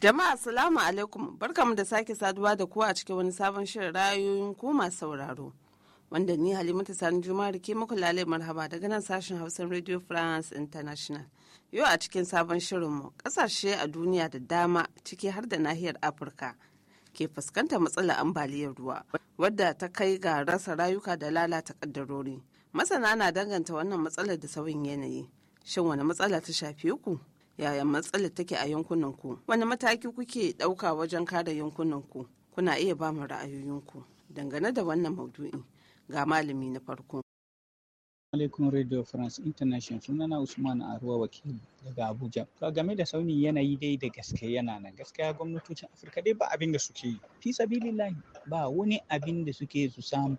Jama'a as-salamu alaikum barkamu da sake saduwa da kuwa a cikin wani sabon shirin rayoyin ku masu sauraro. Wanda ni Halimatu Sani Juma'a ke muku lalai marhaba daga nan sashen Hausan Radio France International. Yau a cikin sabon shirin mu. kasashe a duniya da dama ciki har da nahiyar Afirka ke fuskantar matsalar ambaliyar ruwa wadda ta kai ga rasa rayuka da lalata kaddarori. Masana na danganta wannan matsalar da sauyin yanayi. Shin wani matsala ta shafe ku? yaya matsalar take a yankunan ku wani mataki kuke ɗauka wajen kare yankunan ku kuna iya ba mu ku? dangane da wannan maudu'i ga malami na farko alaikum radio france international sunana usman aruwa wakili daga abuja to game da saunin yanayi dai da gaske yana nan gaskiya gwamnatocin afirka dai ba abin da suke yi fi sabilillahi ba wani abin da suke su samu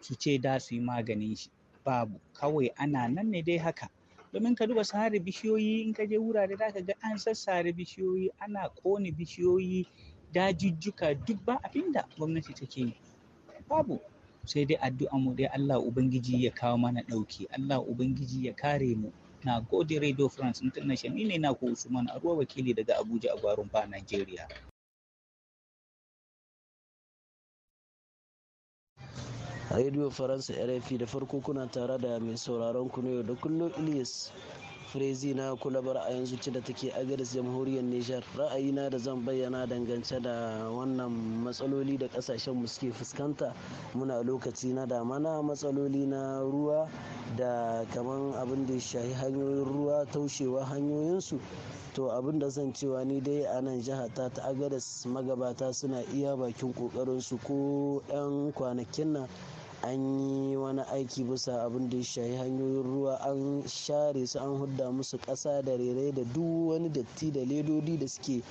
su ce da su yi maganin shi babu kawai ana nan ne dai haka domin ka duba sare bishiyoyi in ka je wurare za ka ga an sassare bishiyoyi ana kone bishiyoyi dajijjuka duk ba abinda gwamnati take yi babu sai dai addu'a mu dai Allah ubangiji ya kawo mana ɗauki Allah ubangiji ya kare mu na gode radio france international ni ne na ku usman aruwa wakili daga abuja a gwarin ba nigeria radio faransa rfi da farko kuna tare da mai sauraron ku yau da kullum ilyas frezi na kulabar a yanzu ce da take agaris jamhuriyar nijar ra'ayina da zan bayyana dangance da wannan matsaloli da kasashen mu suke fuskanta muna lokaci na damana matsaloli na ruwa da kaman abin da shahi hanyoyin ruwa taushewa hanyoyinsu to abin da zan cewa ni dai a nan jihar ta ta agaris magabata suna iya bakin kokarin su ko 'yan kwanakin nan an yi wani aiki bisa abin da ya shahi hanyoyin ruwa an share su an hudda musu ƙasa da rere da duk wani datti da ledodi da suke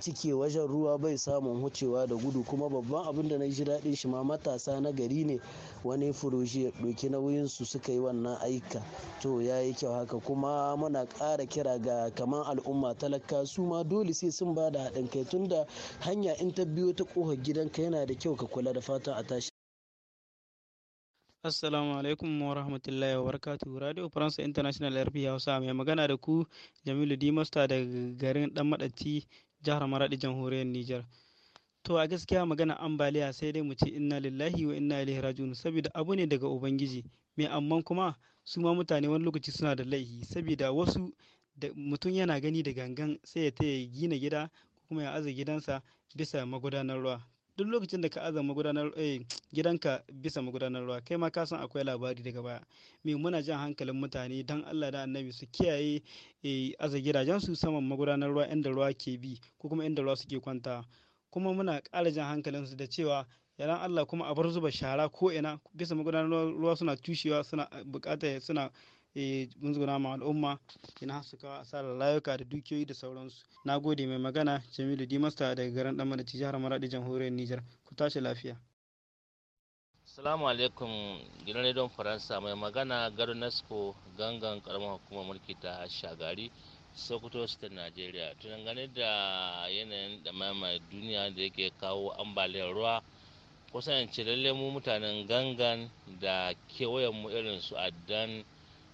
cike wajen ruwa bai samun hucewa da gudu kuma babban abin da na ji daɗin shi ma matasa na gari ne wani furoshi ya ɗauki nauyin su suka yi wannan aika to ya yi kyau haka kuma muna ƙara kira ga kaman al'umma talaka su ma dole sai sun ba da haɗin kai tunda hanya in ta biyo ta ƙofar gidanka yana da kyau ka kula da fatan a tashi Assalamu alaikum wa rahmatullahi wa barakatuhu Radio France International RP Hausa mai magana da ku Jamilu Dimasta daga garin Dan Madaci jihar Maradi jamhuriyar Niger? To a gaskiya magana ambaliya sai dai mu ce inna lillahi wa inna ilaihi raji'un saboda abu ne daga ubangiji me amma kuma su ma mutane wani lokaci suna da laifi. saboda wasu mutum yana gani da gangan sai ya ta gina gida ko kuma ya aza gidansa bisa magudanar ruwa duk lokacin da ka aza magudanar eh, gidanka bisa magudanar ruwa kai ma ka san akwai labari daga baya me muna jan hankalin mutane dan Allah da Annabi su kiyaye eh, aza gidajensu saman magudanar ruwa inda ruwa ke bi ko kuma inda ruwa suke kwanta kuma muna ƙara jan hankalin su da cewa yaran Allah kuma a bar zuba shara ko ina bisa magudanar ruwa suna tushewa suna bukata suna Eh, munzuguna ma al'umma yana haskaka asarar layuka da dukiyoyi da sauransu na gode mai magana jamilu dimasta daga garin dan madaci jihar maradi jamhuriyar nijar ku tashi lafiya Assalamu alaikum gidan redon Faransa mai magana garin Nasko gangan karamar hukumar mulki ta Shagari Sokoto State Nigeria. Tunan gane da yanayin da mamaye duniya da yake kawo ambaliyar ruwa kusan lalle mu mutanen gangan da kewayen mu irin su addan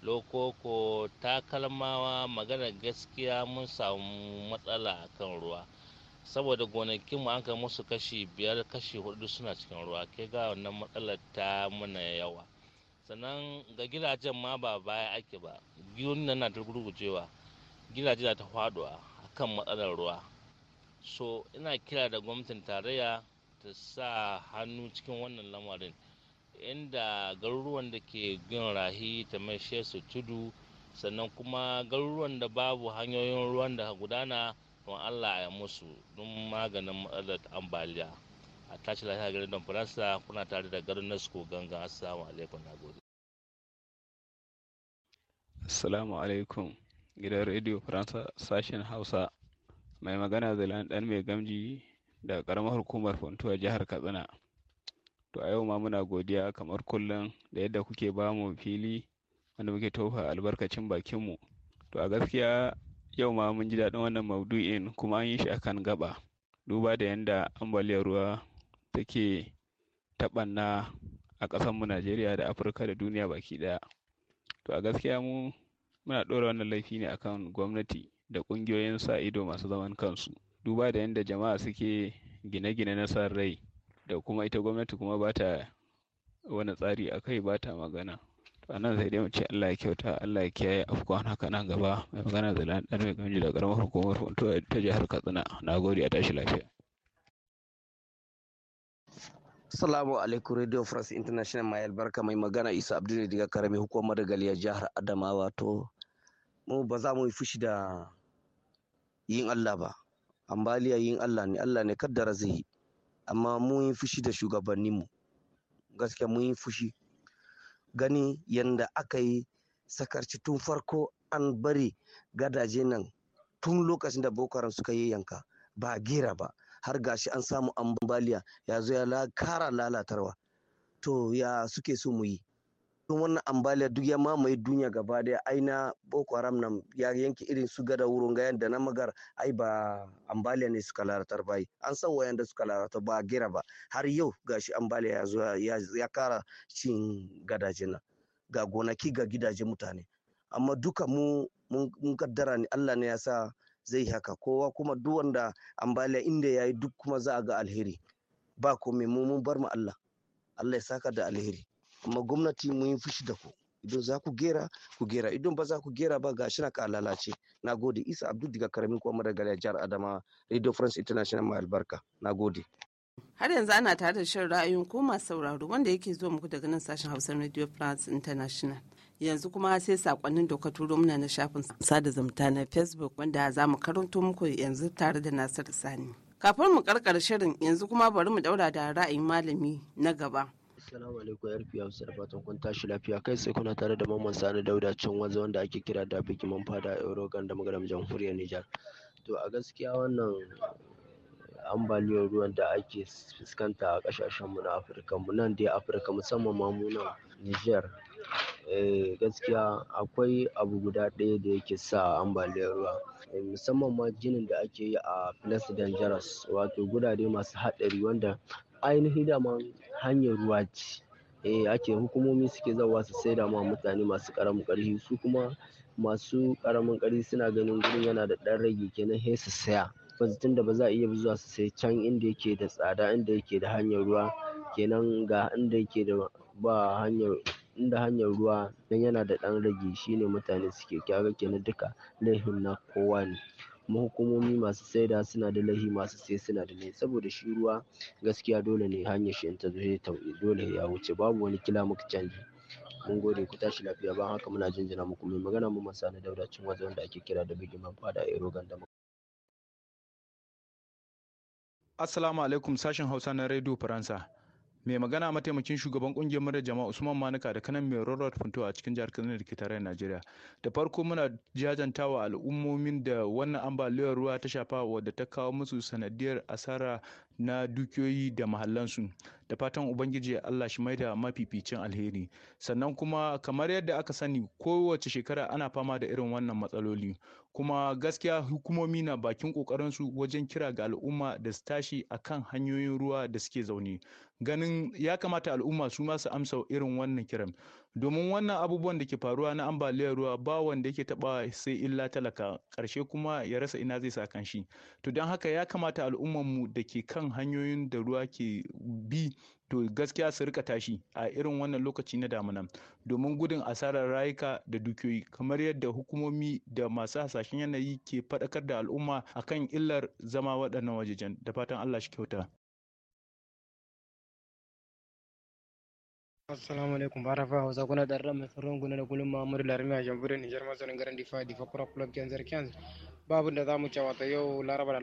lokoko takalmawa maganar gaskiya mun samu matsala kan ruwa saboda gonakinmu an kai musu kashi biyar kashi hudu suna cikin ruwa ke ga wannan matsalar ta muna yawa sannan ga gidajen ma ba baya ake ba giyun nan na turgurgujewa gurgujewa gidaje na ta faduwa kan matsalar ruwa so ina kira da gwamnatin tarayya ta sa hannu cikin wannan lamarin inda garuruwan da ke gin rahi ta maishe su tudu sannan kuma garuruwan da babu hanyoyin ruwan da gudana don allah ya musu don maganin matsalar ambaliya a tashi lafiya garin don faransa kuna tare da garin nasko ganga assalamu alaikum na gode assalamu alaikum gidan rediyo faransa sashen hausa mai magana zalan dan mai gamji da karamar hukumar fontuwa jihar katsina To a yau ma muna godiya kamar kullum da yadda kuke ba mu fili wanda muke tofa albarkacin bakinmu. To a gaskiya yau ma mun ji daɗin wannan maudu'in kuma an yi shi a kan gaba. Duba da yadda ambaliyar ruwa take taɓanna a ƙasarmu Najeriya da Afirka da duniya baki ɗaya. To a gaskiya mu muna ɗora wannan laifi ne akan gwamnati da ƙungiyoyin sa ido masu zaman kansu. Duba da yadda jama'a suke gine-gine na san rai da kuma ita gwamnati kuma ba ta wani tsari a kai ba ta magana a nan sai dai mu ce Allah ya kyauta Allah ya kiyaye afkwan haka nan gaba mai magana da dan mai gamji da ƙaramar hukumar to ta jihar Katsina na gode a tashi lafiya. Salamu alaikum Radio France International mai albarka mai magana Isa Abdul daga karami hukumar Galiya jihar Adamawa to mu ba za mu yi fushi da yin Allah ba ambaliya yin Allah ne Allah ne kaddara zai yi amma mun yi fushi da shugabannin mu gaskiya mun yi fushi gani yadda aka yi sakarci tun farko an bari gadaje nan tun lokacin da haram suka yi yanka ba gera ba har gashi an samu ambaliya ya zo ya kara lalatarwa to ya suke so mu yi wannan ambaliya duk ya mamaye duniya gaba daya ai na boko haram nan ya yanke irin su gada wurin gayan da na magar ai ba ambaliya ne suka laratar ba an san wayanda suka laratar ba gira ba har yau gashi ambaliya ya zo ya kara cin gadaje na, ga gonaki ga gidaje mutane amma duka mu mun kaddara ne Allah ne ya sa zai haka kowa kuma duk wanda ambaliya inda yi duk kuma za a ga alheri ba komai mu mun bar mu Allah Allah ya saka da alheri amma gwamnati mun yi fushi da ku idan za ku gera ku gera idan ba za ku gera ba gashi na ka lalace na gode isa abdul daga karamin kuma daga jihar adama radio france international mai albarka na gode har yanzu ana tare da shirin ra'ayin ko masu sauraro wanda yake zuwa muku daga nan sashen hausa radio france international yanzu kuma sai sakonnin da ka turo muna na shafin sada zumunta na facebook wanda za mu karanto muku yanzu tare da nasir sani kafin mu karkar shirin yanzu kuma bari mu daura da ra'ayin malami na gaba Assalamu alaikum yarfi Hausa da fatan kun tashi lafiya kai sai kuna tare da Mamman Sani Dauda Cinwaza wanda ake kira da bikin Man Fada Eurogan da magaram jamhuriyar Nijar. To a gaskiya wannan ambaliyar ruwan da ake fuskanta a kasashen mu na Afirka mu nan dai Afirka musamman ma mu nan Nijar eh, gaskiya akwai abu guda ɗaya da yake sa ambaliyar ruwa eh, musamman ma ginin da ake yi a Place Dangerous wato gurare masu haɗari wanda ainihi daman hanyar ruwa ce eh ake hukumomi suke zawa su saida ma mutane masu ƙaramin ƙarfi su kuma masu ƙaramin ƙarfi suna ganin gurin yana da ɗan rage kenan sai su saya tun tunda ba za a iya zuwa su sai can inda yake da tsada inda yake da hanyar ruwa kenan ga inda yake da ba hanyar inda hanyar ruwa dan yana da ɗan ragi shine mutane suke kaga kenan duka laifin na kowa ne kuma masu saida suna da lahi masu sai suna da lahi saboda shi ruwa gaskiya dole ne hanyar shi in ta zo dole ya wuce babu wani kila muka canji mun gode ku tashi lafiya ba haka muna jinjina muku mai magana mu masana dauda cin wazo wanda ake kira da man fada a erogan da Assalamu alaikum sashen Hausa na Radio Faransa. Mai magana mataimakin shugaban kungiyar murar jama'a Usman Manuka da kanan mai Rorot Funto a cikin jihar Kaduna da ke tarayyar Najeriya. Da farko muna jajantawa al'ummomin da wannan ambaliyar ruwa ta shafa wadda ta kawo musu sanadiyar asara na dukiyoyi da mahallansu da fatan ubangiji Allah shi maida mafificin alheri sannan kuma kamar yadda aka sani kowace shekara ana fama da irin wannan matsaloli kuma gaskiya hukumomi na bakin kokarinsu wajen kira ga al'umma da su tashi kan hanyoyin ruwa da suke zaune ganin ya kamata al'umma su ma su amsa irin wannan kiran domin wannan abubuwan da ke faruwa na ambaliyar ruwa ba wanda yake taba sai illa talaka ƙarshe kuma ya rasa ina zai sa kanshi to don haka ya kamata al'ummarmu da ke kan hanyoyin da ruwa ke bi to gaskiya su rika tashi a irin wannan lokaci na damuna domin gudun asarar rayuka da dukiyoyi kamar yadda hukumomi da masu hasashen yanayi ke faɗakar da al'umma akan illar zama waɗannan wajejen da fatan allah shi kyauta assalamu alaikum bara fa hausa kuna da ran mai tsaron guna da kullum muhammadu larami a jamhuriyar nijar masanin garin difa difa kura club kenzar kenz babu da zamu cewa ta yau laraba da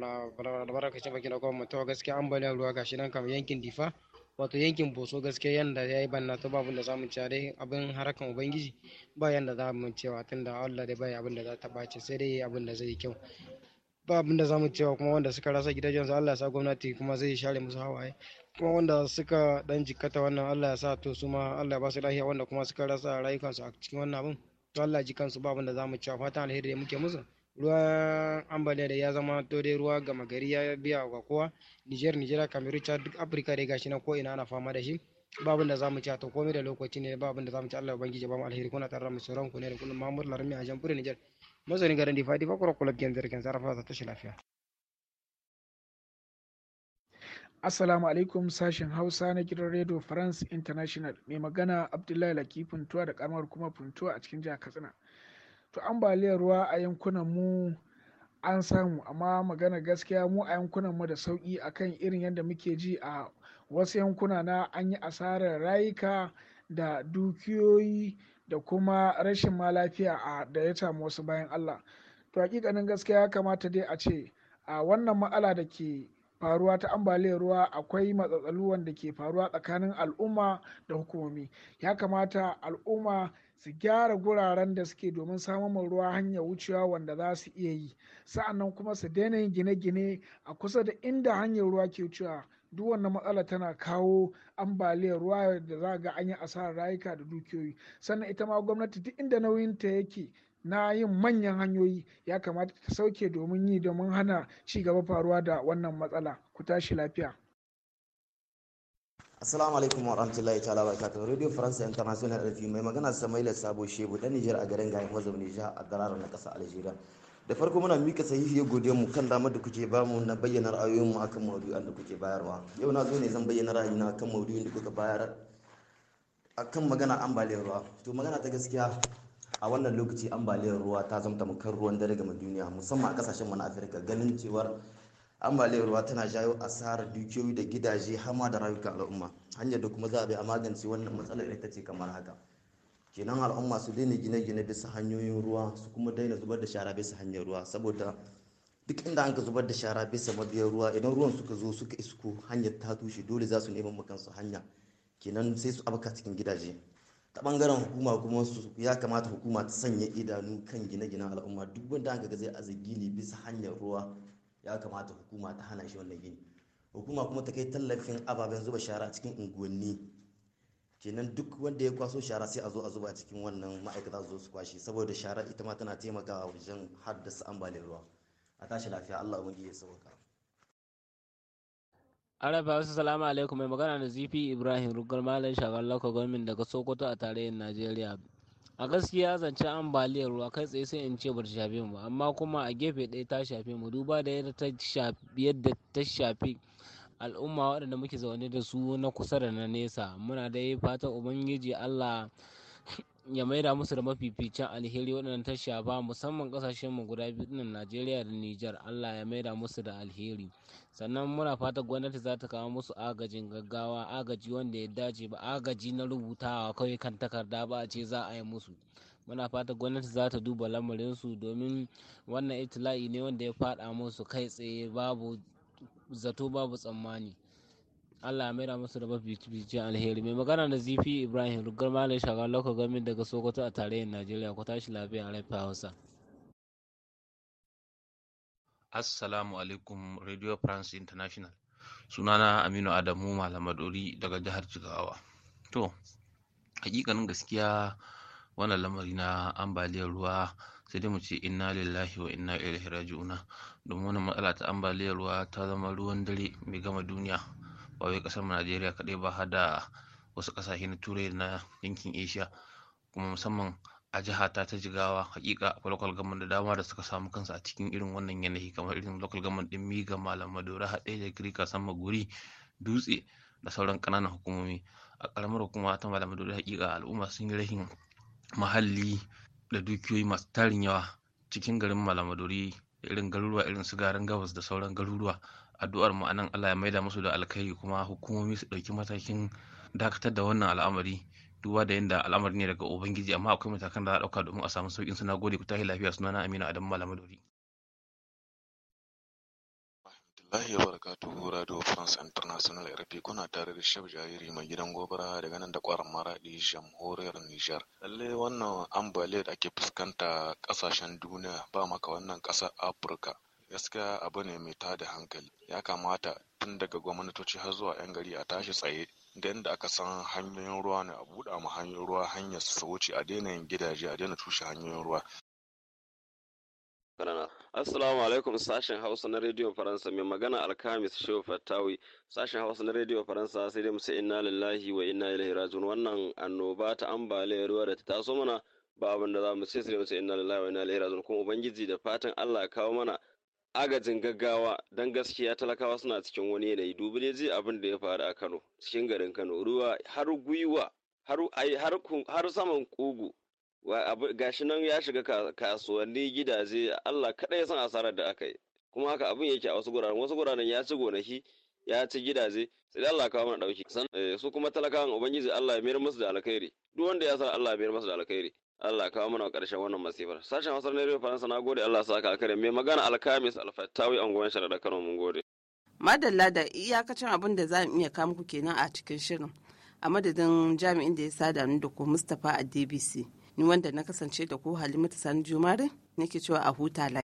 labarakacin baki da kuma mutuwa gaskiya ambaliyar ruwa gashi nan kam yankin difa wato yankin boso gaskiya yanda ya yi banna to babu da zamu cewa dai abin harakan ubangiji ba yanda zamu cewa tunda allah dai bai abin da za ta bace sai dai abin da zai kyau ba abin da zamu cewa kuma wanda suka rasa gidajen su Allah ya sa gwamnati kuma zai share musu hawaye kuma wanda suka dan jikkata wannan Allah ya sa to su ma Allah ya ba su lafiya wanda kuma suka rasa rayukansu a cikin wannan abin to Allah ya ji kansu ba abin da zamu cewa fatan alheri da muke musu ruwa ambaliya da ya zama to dai ruwa gama gari ya biya ga kowa Niger Niger Cameroon Chad duk Africa dai gashi na ko ina ana fama da shi ba abin da zamu cewa to komai da lokaci ne ba abin da zamu cewa Allah ya ya ba mu alheri kuna tare da mu sauran ku ne da kullum Muhammad Larmi a jamhuriyar Niger mazauni garin difa difa kura kula gen zargin zarafa za ta shi lafiya Assalamu alaikum sashen Hausa na gidan Radio France International mai magana Abdullahi Laki Funtuwa da karamar kuma Funtuwa a cikin jihar Katsina. To ambaliyar ruwa a yankunan mu an samu amma magana gaskiya mu a yankunan mu da sauki akan irin yadda muke ji a wasu yankuna na an yi asarar rayuka da dukiyoyi da kuma rashin ma lafiya a da ya samu wasu bayan Allah to hakikanin gaskiya ya kamata dai a ce a wannan ma'ala da ke faruwa ta ambaliyar ruwa akwai matsatsaluwan wanda ke faruwa tsakanin al'umma da hukumomi ya kamata al'umma su gyara guraren da suke domin samun ruwa hanyar wucewa wanda za su iya yi sa'annan kuma su daina yin gine-gine a kusa da inda hanyar ruwa ke wucewa duk wannan matsala tana kawo ambaliyar ruwa da za ga an yi asarar rayuka da dukiyoyi sannan ita ma gwamnati duk inda nauyin ta yake na yin manyan hanyoyi ya kamata ta sauke domin yi domin hana ci gaba faruwa da wannan matsala ku tashi lafiya Assalamu alaikum warahmatullahi ta'ala barakatuh Radio France International mai magana Samaila Sabo Shebu dan Niger a garin Gayan Wazam Niger a gararar na kasa Algeria da farko muna mika sahihi ya gode mu kan damar da kuke ba mu na bayyana ra'ayoyinmu akan maudu'an da kuke bayarwa yau na zo ne zan bayyana ra'ayi na akan maudu'in da kuka bayar akan magana ambaliyar ruwa to magana ta gaskiya a wannan lokaci ambaliyar ruwa ta zama mukar ruwan dare ga duniya musamman a kasashen mu na Afirka ganin cewar ambaliyar ruwa tana jayo asarar dukiyoyi da gidaje hama da rayuka al'umma hanyar da kuma za a bi a magance wannan matsalar ita ce kamar haka kenan al'umma su daina gine-gine bisa hanyoyin ruwa su kuma daina zubar da shara bisa hanyar ruwa saboda duk inda an ka zubar da shara bisa mabiyar ruwa idan ruwan suka zo suka isko hanyar ta tushe dole za su neman makansu hanya kenan sai su abaka cikin gidaje ta bangaren hukuma kuma ya kamata hukuma ta sanya idanu kan gine-ginen al'umma duk wanda an ga zai aza gini bisa hanyar ruwa ya kamata hukuma ta hana shi wannan gini hukuma kuma ta kai tallafin ababen zuba shara cikin unguwanni kenan duk wanda ya kwaso shara sai a zo a zuba a cikin wannan ma'aikata zo su kwashe saboda shara ita ma tana taimakawa wajen haddasa ambaliyar ruwa a tashi lafiya Allah ubangiji ya sauka Araba wasu salamu alaikum mai magana da zifi Ibrahim Rugar Malam Shagar Lako Gwamnati daga Sokoto a tarayyar Najeriya. A gaskiya zance ambaliyar ruwa kai tsaye sai in ce ba ta shafe mu amma kuma a gefe ɗaya ta shafe mu duba da yadda ta shafi al'umma waɗanda muke zaune da su na kusa da na nesa muna dai fatan ubangiji allah ya maida musu da mafificin alheri waɗanda ta ba musamman mu guda biyu na najeriya da nijar allah ya maida musu da alheri sannan muna fatan gwamnati za ta kawo musu agajin gaggawa agaji wanda ya dace ba agaji na rubutawa kawai kan takarda ba a ce za a yi musu muna fatan gwamnati za ta duba su domin wannan itila'i ne wanda ya faɗa musu kai tsaye babu zato babu tsammani Allah mai da masu da mafificin alheri mai magana da zifi ibrahim rugar malam shagar lokacin gami daga sokoto a tarayyar najeriya ku tashi lafiya a rafa hausa assalamu alaikum radio france international sunana aminu adamu malamadori daga jihar jigawa to hakikanin gaskiya wannan lamari na ambaliyar ruwa sai dai mu ce inna lillahi wa inna ilaihi raji'una domin wannan matsala ta ambaliyar ruwa ta zama ruwan dare mai gama duniya ba wai kasar najeriya kaɗai ba har da wasu kasashe na turai na yankin asia kuma musamman a jiha ta ta jigawa hakika akwai local government da dama da suka samu kansu a cikin irin wannan yanayi kamar irin local government din miga malam madora haɗe da girka sama guri dutse da sauran ƙananan hukumomi a ƙaramar hukuma ta malam madora hakika al'umma sun yi rahin mahalli da dukiyoyi masu tarin yawa cikin garin malamaduri da irin garuruwa irin su garin gabas da sauran garuruwa addu'ar mu anan Allah ya maida musu da alkhairi kuma hukumomi su ɗauki matakin dakatar da wannan al'amari duba da yadda al'amari ne daga ubangiji amma akwai matakan da za a ɗauka domin a samu sauƙin suna gode ku tahi lafiya sunana aminu Adamu malamaduri warahmatullahi tuhu Radio France International RFI kuna tare da Shaf Jariri mai gidan gobara daga nan da kwarar maradi jamhuriyar Nijar. Lalle wannan ambaliya da ake fuskanta ƙasashen duniya ba maka wannan kasar Afirka. Gaskiya abu ne mai ta da hankali. Ya kamata tun daga gwamnatoci har zuwa 'yan gari a tashi tsaye da yadda aka san hanyoyin ruwa ne a buɗa mu hanyoyin ruwa hanyar su wuce a daina yin gidaje a daina tushe hanyoyin ruwa Karana. Assalamu alaikum sashen Hausa na Radio Faransa mai magana Alkamis Shehu Fattawi sashen Hausa na Radio Faransa sai dai musu inna lillahi wa inna ilaihi rajiun wannan annoba ta ambaliyar ruwa da ta taso mana ba abin da za mu sai sai musu inna lillahi wa inna ilaihi rajiun kuma ubangiji da fatan Allah kawo mana agajin gaggawa dan gaskiya talakawa suna cikin wani yanayi dubi ne ji abin da ya faru a Kano cikin garin Kano ruwa har gwiwa har har saman kugu gashi nan ya shiga kasuwanni gidaje Allah kaɗai ya san asarar da aka yi kuma haka abin yake a wasu guraren wasu guraren ya ci gonaki ya ci gidaje sai Allah kawo mana dauki eh, su kuma talakawan ubangiji Allah ya mayar musu da alkhairi duk wanda ya san Allah ya mayar musu da alkhairi Allah kawo mana ƙarshen wannan masifar sashen wasar ne Radio Faransa na gode Allah saka alkhairi mai magana Alkamis Alfattawi anguwan da Kano mun gode madalla da iyakacin abin da za mu iya kawo muku kenan a cikin shirin a madadin jami'in da ya sada ni da ku Mustapha a DBC ni wanda na kasance da ku halimatu sani jumare nake cewa a huta